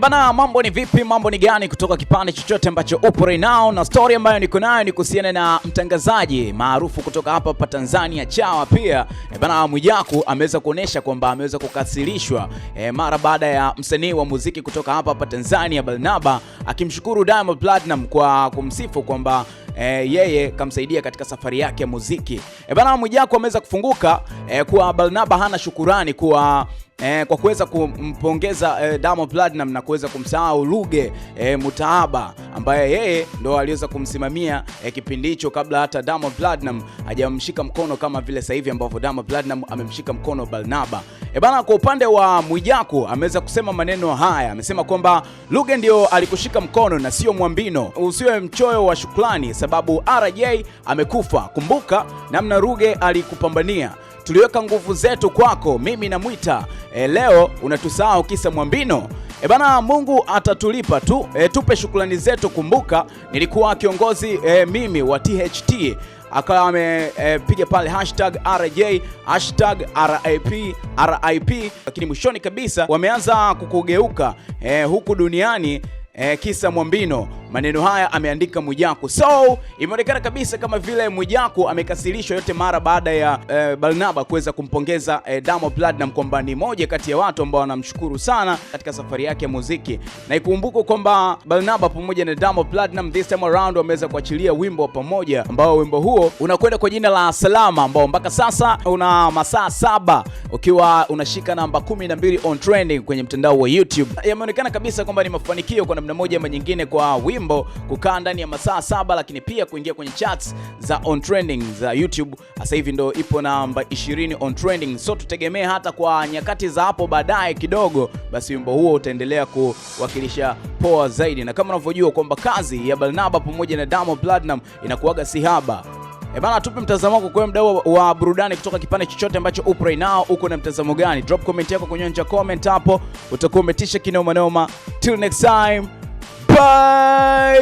bana mambo ni vipi? Mambo ni gani kutoka kipande chochote ambacho upo right now, na story ambayo niko nayo ni kuhusiana na mtangazaji maarufu kutoka hapa hapa Tanzania Chawa. Pia ebana, eh, Mwijaku ameweza kuonesha kwamba ameweza kukasirishwa e, mara baada ya msanii wa muziki kutoka hapa hapa Tanzania Barnaba akimshukuru Diamond Platinum kwa kumsifu kwamba e, yeye kamsaidia katika safari yake ya muziki. E bana, Mwijaku ameweza kufunguka e, kuwa Barnaba hana shukurani kuwa Eh, kwa kuweza kumpongeza eh, Diamond Platnumz na kuweza kumsahau Ruge eh, Mutaaba ambaye yeye ndo aliweza kumsimamia eh, kipindi hicho kabla hata Diamond Platnumz hajamshika mkono kama vile sasa hivi ambavyo Diamond Platnumz amemshika mkono Barnaba. Ebana, kwa upande wa Mwijaku ameweza kusema maneno haya, amesema kwamba Ruge ndio alikushika mkono na sio Mwambino. Usiwe mchoyo wa shukrani, sababu RJ amekufa. Kumbuka namna Ruge alikupambania tuliweka nguvu zetu kwako, mimi namwita e, leo unatusahau kisa Mwambino. E bana, Mungu atatulipa tu. E, tupe shukrani zetu. Kumbuka nilikuwa kiongozi e, mimi wa THT akawa amepiga e, pale hashtag RJ hashtag RIP RIP, lakini mwishoni kabisa wameanza kukugeuka e, huku duniani e, kisa Mwambino. Maneno haya ameandika Mwijaku, so imeonekana kabisa kama vile Mwijaku amekasirishwa yote mara baada ya eh, Barnaba kuweza kumpongeza eh, Diamond Platnumz kwamba ni moja kati ya watu ambao wanamshukuru sana katika safari yake ya muziki, na ikumbuko kwamba Barnaba pamoja na Diamond Platnumz this time around wameweza kuachilia wimbo pamoja, ambao wimbo huo unakwenda kwa jina la Salama, ambao mpaka sasa una masaa saba ukiwa unashika namba 12 on trending kwenye mtandao wa YouTube. Yameonekana kabisa kwamba ni mafanikio kwa namna moja ama nyingine kwa wimbo wimbo kukaa ndani ya masaa saba, lakini pia kuingia kwenye chats za on trending za YouTube. Sasa hivi ndo ipo namba 20 on trending, so tutegemee hata kwa nyakati za hapo baadaye kidogo, basi wimbo huo utaendelea kuwakilisha poa zaidi, na kama unavyojua kwamba kazi ya Barnaba pamoja na damo platinum inakuaga sihaba. E bana, tupe mtazamo wako kwa mdau wa burudani kutoka kipande chochote ambacho upo right now. Uko na mtazamo gani? Drop comment yako kwenye nja comment hapo, utakuwa umetisha kinoma noma. Till next time. Bye.